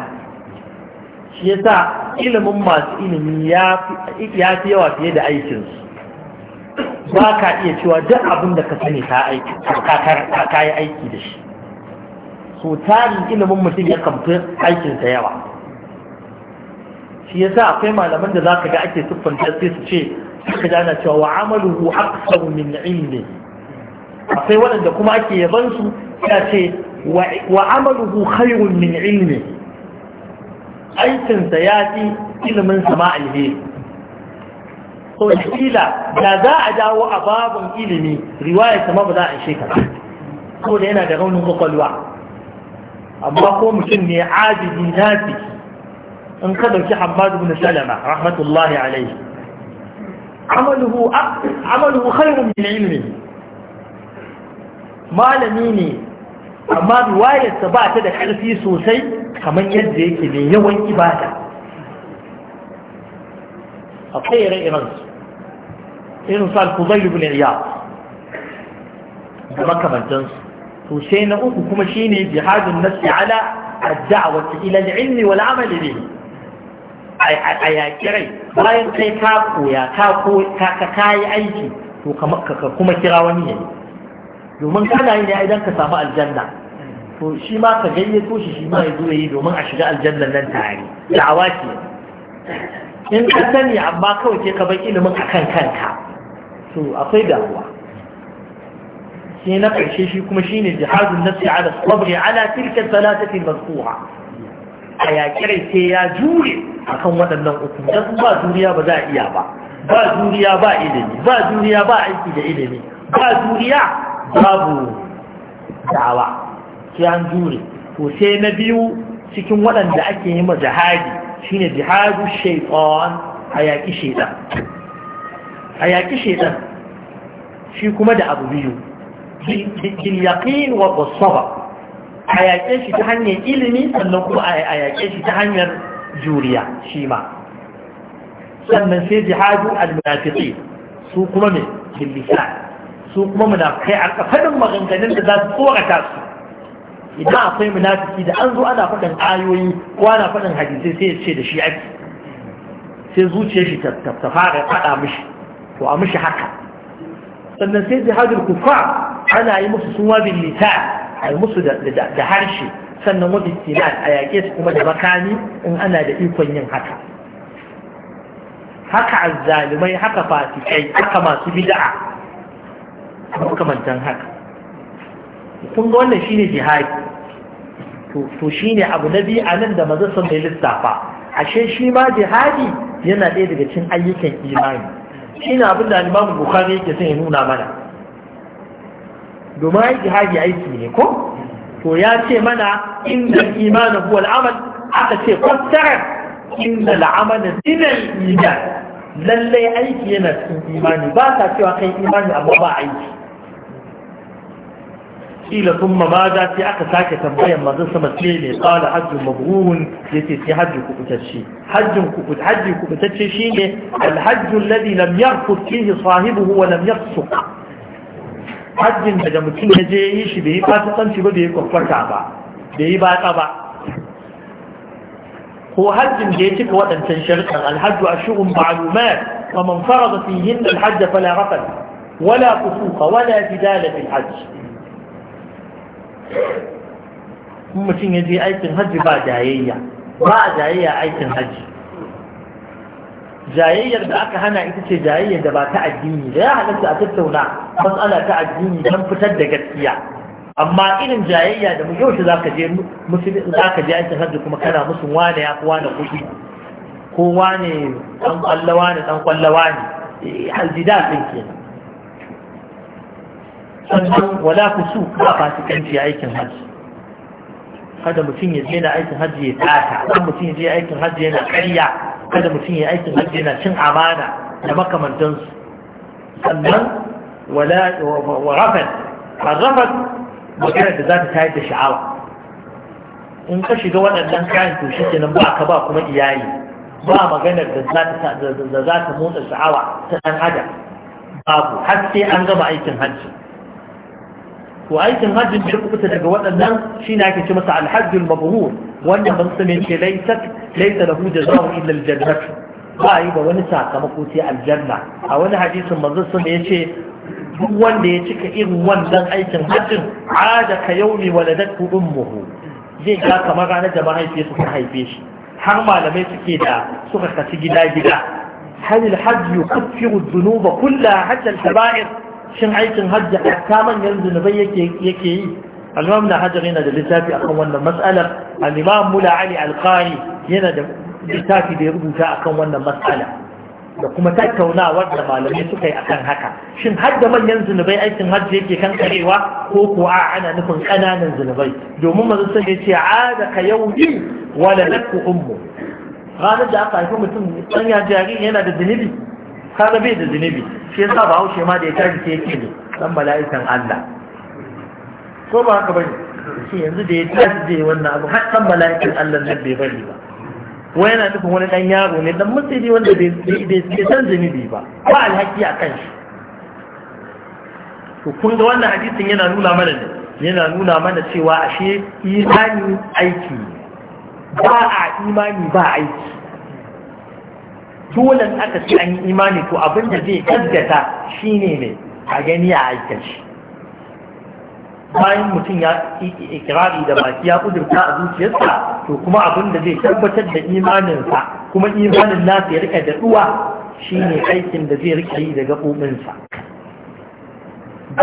shi ya sa ilimin masu ilimi ya fi yawa fiye da aikinsu ba ka iya cewa duk abin da ka sani ka yi aiki da shi so tarin ilimin mutum ya kamfi aikinsa yawa shi yasa akwai malaman da zaka ga ake siffanta sai su ce suka dana cewa wa amaluhu aktsar min ilmi akwai waɗanda kuma ake yaban su ya ce wa amaluhu khairun min ilmi aikinsa ya fi ilimin sama alheri so kila da za a dawo a babin ilimi riwaya sama ba za a shekara saboda yana da raunin kwakwalwa amma ko mutum ne abidi nafi in ka dauki Hammad ibn Salama rahmatullahi alayhi amaluhu amaluhu khairun min ilmi malami ne amma riwayarsa ba ta da ƙarfi sosai kamar yadda yake mai yawan ibada akwai ire-iren su irin su al-kuzai ibn iyad da makamantansu to sai na uku kuma shine jihadun nafsi ala ad-da'wati ila al-ilmi wal amali a yaƙi rai bayan kai ka koya ka yi aiki to ka kuma kira wani yayi domin kana yi ne idan ka samu aljanna to shi ma ka gayyato shi shi ma ya zo yi domin a shiga aljannan nan tare da'awa ce in ka sani amma kawai ke ka bar ilimin akan kanka to akwai damuwa sai na ƙarshe shi kuma shine jihadun nafsi ala sabri ala tilka salatati mazkura a sai ya jure a kan waɗannan uku don ba juriya ba za a iya ba ba juriya ba ilimi ba juriya ba aiki da ilimi ba juriya babu dawa sai an jure to sai na biyu cikin waɗanda ake yi ma jihadi shine jihadu shaitan a yaƙi shaitan a yaƙi shaitan shi kuma da abu biyu bil yaqin wa sabr a yaƙe shi ta hanyar ilimi sannan kuma a yaƙe shi ta hanyar juriya shi ma sannan sai jihadu al-munafiqi su kuma mai bilisa su kuma munafikai a kafarin maganganun da za su tsorata su idan akwai munafiki da an zo ana faɗin ayoyi ko ana faɗin hadisai sai ya ce da shi ake sai zuciyar shi ta fara faɗa mishi to a mishi haka sannan sai jihadul kufa ana yi musu suwa bilisa a musu da harshe sannan wani istilal a yaƙe su kuma da makami in ana da ikon yin haka haka azzalumai haka fasikai haka masu bid'a makamantan haka kun ga wannan shine jihadi to shine abu na biyu a nan da maza sun bai lissafa ashe shi ma jihadi yana ɗaya daga cikin ayyukan imani shine abin da alimamu imam Bukhari yake son ya nuna mana domin ai jihadi aiki ne ko to ya ce mana inda imanu huwa al'amal aka ce fassara inda al'amal dinar iman lallai aiki yana cikin imani ba ta cewa kai imani amma ba aiki kila sun ma za sai aka sake tambayan manzo sama ce ne qala hajjun mabrurun yace sai hajji ku kutacce hajjin ku hajji ku kutacce shine alhajju alladhi lam yarfut fihi sahibuhu wa lam yafsuq hajjin da da mutum ya je yi shi bai yi fasikanci ba bai yi kwakwata ba bai yi ta ba ko hajjin da ya cika waɗancan sharɗin alhajju a shi'un ma'alumat wa man farada fi yin alhajj fala rafal wala kusuka wala fidala fil hajj mutum ya je aikin hajji ba jayayya ba a jayayya aikin hajji jayayyar da aka hana ita ce jayayyar da ba ta addini da ya halatta a tattauna matsala ta addini don fitar da gaskiya amma irin jayayya da muke yau shi zaka je musulmi zaka je aikin hajji kuma kana musu wane ya kuwa da kuɗi ko wane dan kwallawa ne dan kwallawa ne eh, aljida din ke sannan wala kusu ba fasikanci aikin hajji kada mutum ya je na aikin hajji ya tata kan mutum ya je aikin hajji yana karya kada mutum ya aikin hajji na cin amana da makamantansu sannan wa rafat rafat magana da za ta tayar da sha'awa in ka shiga waɗannan kayan to shi nan ba ka ba kuma iyaye, ba maganar da za ta motsa sha'awa ta ɗan adam babu har sai an gama aikin hajji to aikin hajji da kuka daga waɗannan shi ne ake ce masa alhajjul mabrur wanda ban sani ke laysat laisa lahu jazaa'u illa al-jannah ba yi wa wani sakamako sai aljanna a wani hadisin manzo sun ya ce duk wanda ya cika irin wannan aikin hajjin ada ka yaumi waladatu ummuhu zai ga kamar ranar da mahaifiyarsa ta haife shi har malamai suke da suka kaci gida gida hal alhajj yukaffiru dhunuba kullaha hatta al shin aikin hajji hatta manyan zunubai yake yake yi al-imam na yana da littafi akan wannan matsalar al mula ali al yana da littafi da ya rubuta akan wannan matsala da kuma tattaunawar da malamai suka yi akan haka shin har da manyan zunubai aikin hajji yake kan karewa ko kuwa ana nufin ƙananan zunubai domin mazu sun ya ce da ka yau yi wala lakku ummu ranar da aka haifi mutum sanya jariri yana da zunubi kaga bai da zunubi shi yasa ba haushe ma da ya tashi yake ne dan mala'ikan Allah ko ba haka bane shi yanzu da ya tashi zai wannan abu har kan mala'ikin Allah nan bai bari ba wai yana nufin wani dan yaro ne dan mutsiri wanda bai san zunubi ba ba alhaki a kan shi to kun ga wannan hadisin yana nuna mana ne yana nuna mana cewa ashe imani aiki ba a imani ba aiki dole aka ce an yi imani to abin da zai gaggata shine ne a gani a aikin shi bayan mutum ya ikirari da baki ya kudurta a zuciyarsa to kuma abin da zai tabbatar da imaninsa kuma imanin nasa ya rika daɗuwa shine aikin da zai rike yi da gaɓoɓinsa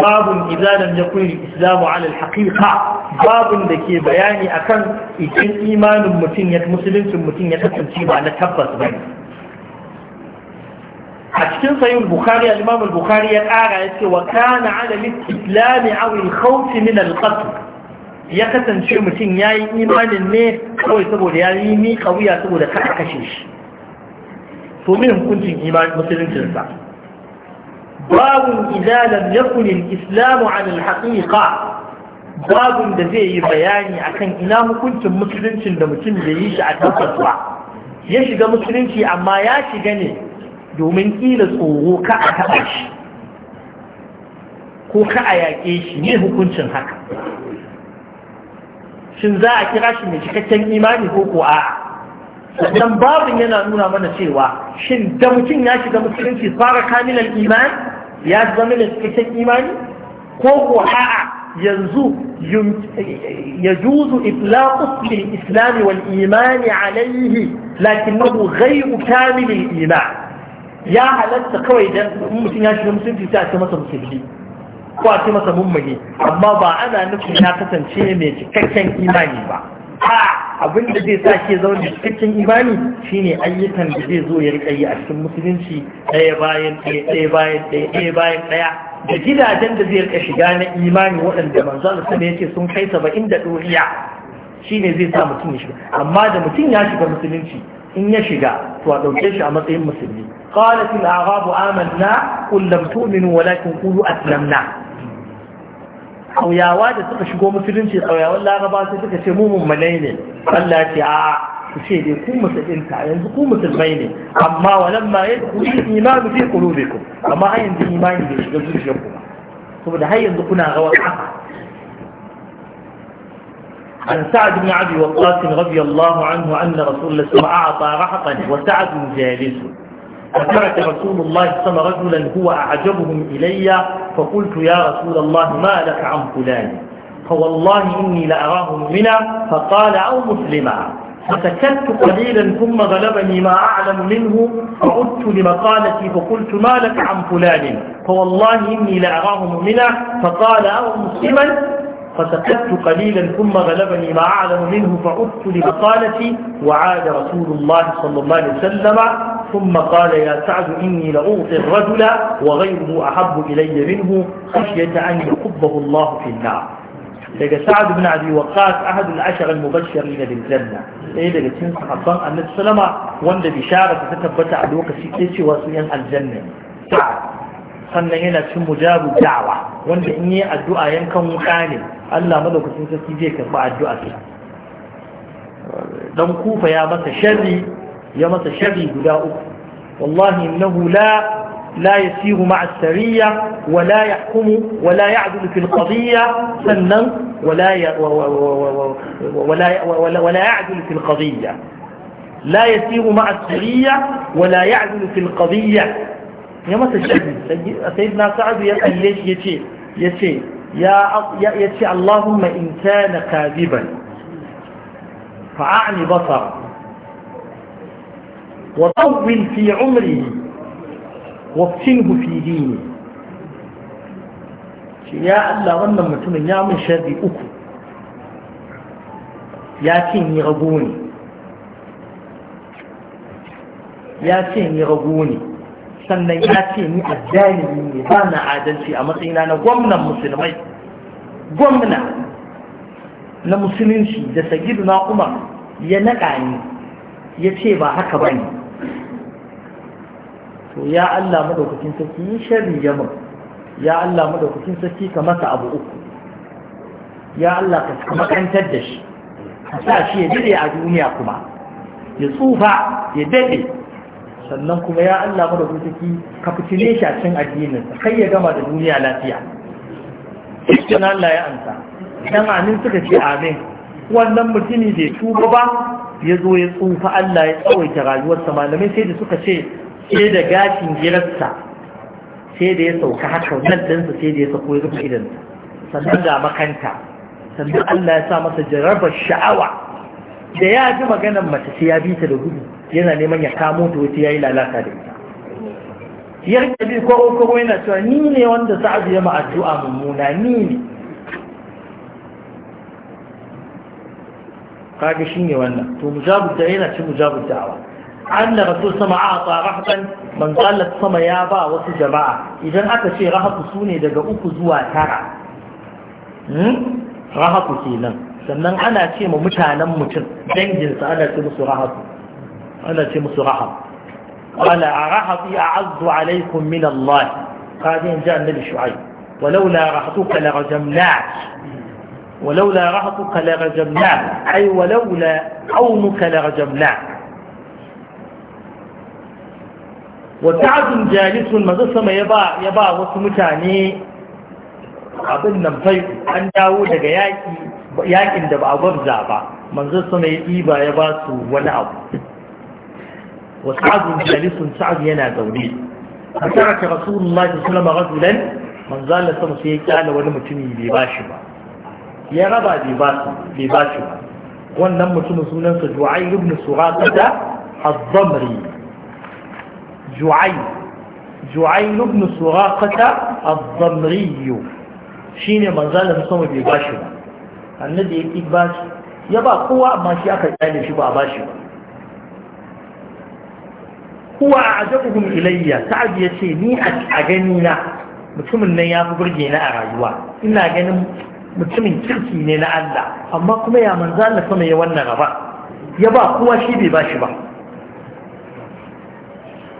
babun izalam ya kuri islamu ala alhaqiqa babun da ke bayani akan idan imanin mutum ya musuluncin mutum ya kasance ba na tabbas bane a cikin sayin bukari al-imam al-bukhari ya kara ya ce wa kana ala al-islam aw min al ya kasance mutum yayi imanin ne kawai saboda yayi ni kawiya saboda ka kashe shi to me hukuncin imanin musuluncinsa sa باب إذا لم يكن الإسلام عن الحقيقة باب da zai yi bayani akan ina hukuncin musuluncin da mutum da yi shi a tabbatwa ya shiga musulunci amma ya shiga ne domin ƙila tsoro ka a taɓa shi ko ka a yaƙe shi ne hukuncin haka shin za a kira shi mai cikakken imani ko ko a'a sannan yana nuna mana cewa shin da mutum ya shiga musulunci fara kamilan imani ya zama da cikakken imani ko ko a'a yanzu يجوز islami wal imani alaihi lakin لكنه غير كامل الإيمان ya halatta kawai dan mutum ya shiga musulunci sai a ce masa musulmi ko a ce masa mummuni amma ba ana nufin ya kasance mai cikakken imani ba ha abin da zai sa ke zaune cikakken imani shine ayyukan da zai zo ya rika yi a cikin musulunci ɗaya bayan ɗaya ɗaya bayan ɗaya ɗaya bayan ɗaya da gidajen da zai rika shiga na imani waɗanda manzo Allah sai yake sun kai saba'in da ɗoriya shine zai sa mutum ya shiga amma da mutum ya shiga musulunci in ya shiga to a ɗauke shi a matsayin musulmi قالت الأعراب آمنا قل لم تؤمنوا ولكن قولوا أسلمنا أو يا واد تقشقوا مفرنشي أو يا والله أغبات تقشموا من ملينة قال لا تعاء الشيء آه، آه. دي قومة الإنساء ينزل يعني قومة الغينة أما ولما يدخل الإيمان في قلوبكم أما هاي عند إيمان يشغل جنبكم ثم هاي يدخلنا غوات عن سعد بن عبي وقاس رضي الله عنه أن رسول الله سمع أعطى رحقا وسعد جالس فترك رسول الله صلى رجلا هو أعجبهم إلي فقلت يا رسول الله ما لك عن فلان فوالله إني لأراه مؤمنا فقال أو مسلما فسكت قليلا ثم غلبني ما أعلم منه فعدت لمقالتي فقلت ما لك عن فلان فوالله إني لأراه مؤمنا فقال أو مسلما فسكت قليلا ثم غلبني ما أعلم منه فعدت لمقالتي وعاد رسول الله صلى الله عليه وسلم ثم قال يا سعد إني لأعطي الرجل وغيره أحب إلي منه خشية أن يحبه الله في النار لقى سعد بن عبي وقاص أحد العشر المبشرين بالجنة إيه لقى تنسى حصان أن السلامة وند بشارة تتبت على الوقت سيكيسي واسويا الجنة سعد sannan هنا cin جاب الدعوة wanda إني الدعاء ينكون yankan wuka ne Allah madaukakin sarki دعاء karɓi addu'arsa dan kufa ya يا masa shari guda uku wallahi innahu la لا يسير مع السرية ولا يحكم ولا يعدل في القضية سنا ولا ي... ولا ولا ولا يعدل في القضية لا يسير مع السرية ولا يعدل في القضية يا متشدد سيدنا سعد ليش يشي يشي يا يا يشي اللهم إن كان كاذبا فأعني بصر وطول في عمره وابتنه في دينه يا الله وانا متمن ya من شري أكو يا تيني ربوني يا تيني ربوني sannan ya ce ni a ne ba na adalci a matsayina na gwamnan musulmai gwamna na musulunci da sagidu na umar ya naɗa ni ya ce ba haka ba ne to ya Allah madaukakin sarki yi sharri ya mun ya Allah madaukakin sarki ka masa abu uku ya Allah ka makantar da shi ka sa shi ya dade a duniya kuma ya tsufa ya dade sannan kuma ya Allah madaukakin sarki ka fitile shi a cikin addinin kai ya gama da duniya lafiya Ishin Allah ya amsa, dan amin suka ce amin, wannan mutumi bai tuba ba ya zo ya tsufa Allah ya tsawaita rayuwarsa malamai sai da suka ce sai da gashin girarsa sai da ya sauka haka nan ɗansa sai da ya sauko ya rufe idansa sannan ga makanta sannan Allah ya sa masa jarabar sha'awa da ya ji maganar mace sai ya bi ta da gudu yana neman ya kamo ta wata ya yi lalata da ita ya rike bi ko ko yana cewa ni ne wanda sa'adu ya ma addu'a mummuna ni ne kaga ne wannan to mujabud da yana ci mujabud da'awa أن رسول سمع أعطى رهبا من قال لك يا يابا وسي جماعة إذا أتى شيء رهب سوني دقا أكو زوا تارا رهب سينا سمنا أنا شيء ممتانا أنا دنجل أنا تمس رهب أنا تمس رهب قال أرهبي أعز عليكم من الله قادين جاء النبي شعيب ولولا رهتك لرجمناك ولولا رهتك لرجمناك أي ولولا قومك لرجمناك wata'azun jalisun mazu sama ya ba ya wasu mutane abin nan fai an dawo daga yakin da ba a gwabza ba manzo sama ya ɗiba ya ba su wani abu Wasu azun jalisun sa'ad yana zaune a taraka rasulullah sallallahu alaihi wasallam manzo Allah sama sai ya kyale wani mutumi bai ba shi ba ya raba bai ba shi ba wannan mutumin sunansa Ju'ayr ibn Suraqata az-Zamri ju'ai ju'ai ibn suraqata az-zamri shine manzalin sama bai bashi ba annabi ya ki kowa amma shi aka kyale shi ba bashi ba ilayya yace ni a gani na mutumin nan ya fi burge na a rayuwa ina ganin mutumin kirki ne na Allah amma kuma ya manzo Allah sama ya wannan raba ya ba kowa shi bai bashi ba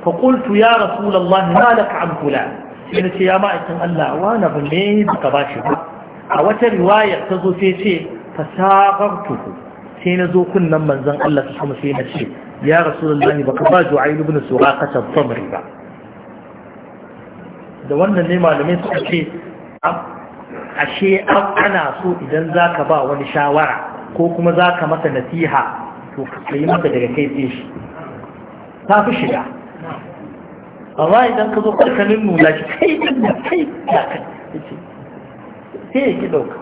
فقلت يا رسول الله ما لك عن فلان sai ce ya ma'aikin Allah wani abu ne suka ba shi ba a wata riwayar ta zo sai ce fasabar tuku sai na zo kunnan manzan Allah su sama sai na ce ya rasulullahi ba ka ba ju'ayin ibn suraka ta samari ba da wannan ne malamai suka ce ashe ana so idan za ka ba wani shawara ko kuma za ka masa nasiha to ka yi masa daga kai sai shi ta fi shiga الله idan ka zo ka nuna هيك kai dinna kai kai ki dauka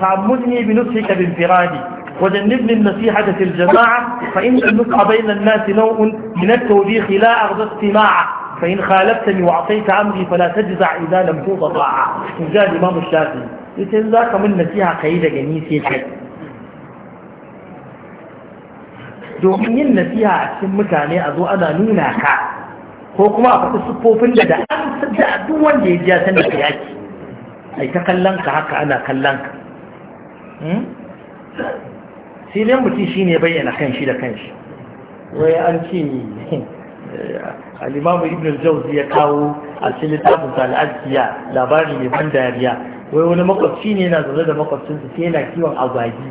فعمدني بنصحك بانفرادي وجنبني النصيحة في الجماعة فإن النصح بين الناس نوع من التوبيخ لا أرضى استماعة فإن خالفتني وعصيت أمري فلا تجزع إذا لم توضى طاعة جاء الإمام الشافعي يقول ذاك من نصيحة قيدة جنيسية domin yin nasiha a cikin mutane a zo ana nuna ka ko kuma a faɗi siffofin da da an sadda duk wanda ya ji ya san da yaki ai ta kallon ka haka ana kallon ka hmm? sai dai mutum shi ne bayyana kan shi da kan shi wai an ce alimamu ibn jauzi ya kawo a cikin littafin al'adiyya labari mai ban dariya wai wani makwabci ne yana zaune da makwabcinsa sai yana kiwon agwagi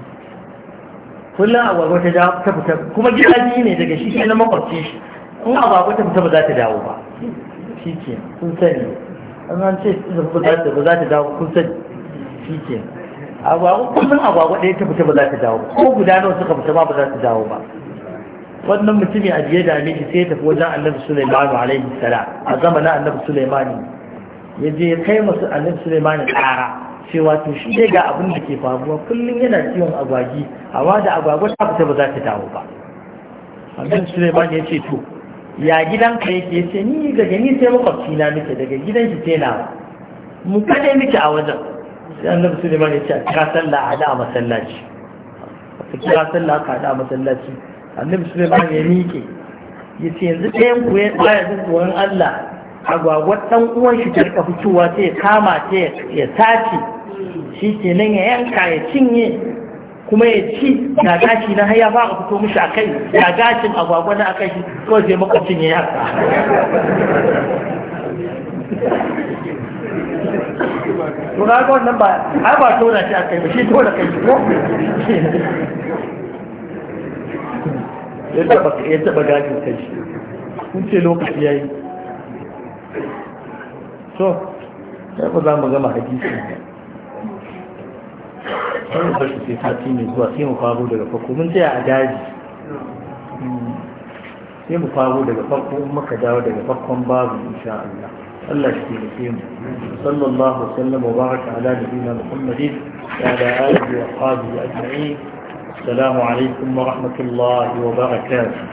kullum agwagwa ta fita kuma gidaji ne daga shi sai na makwabcin shi in a babu ta fita ba za ta dawo ba shi ke kun sani an an ce ba za ta dawo kun sani shi ke agwagwa kullum agwagwa ɗaya ta fita ba za ta dawo ko guda nawa suka fita ba ba za ta dawo ba wannan mutumin a jiya dame shi sai ya tafi wajen annabi Sulaiman alaihi salam a zamanin annabi Sulaiman ya je ya kai masu annabi Sulaiman tsara, cewa to shi dai ga abin da ke faruwa kullum yana ciwon agwagi amma da agwagwa ta fita ba za ta dawo ba annabi Sulaiman ya ce to ya gidanka yake sai ni daga ni sai makwabci na nake daga gidan shi sai na mu kada miki a wajen sai annabi Sulaiman ya ce a kira sallah a da masallaci a kira sallah ka da masallaci annabi Sulaiman ya miƙe ya ce yanzu ɗayan ku ya tsaya da tsoron Allah gwagwar ɗan uwan shi ta rika fitowa sai ya kama ta ya tace shi ke nan ya yanka ya cinye kuma ya ci ga gashi na haya a fito mishi a kai ga gashin agwagwa na a kai ko sai makwacin ya yaka tuna ga wannan ba a ba tona shi a kai ba shi tona kai ko ya taba ya taba gashin kai shi kun ce lokaci yayi so sai ba za mu gama hadisi sai ba shi sai sati mai zuwa sai mu faro daga farko mun tsaya a daji sai mu faro daga farko maka dawo daga farkon babu insha Allah Allah shi ke da mu sallallahu alaihi wasallam wa baraka ala nabiyina muhammadin wa ala alihi wa ashabihi ajma'in assalamu alaikum wa rahmatullahi wa barakatuh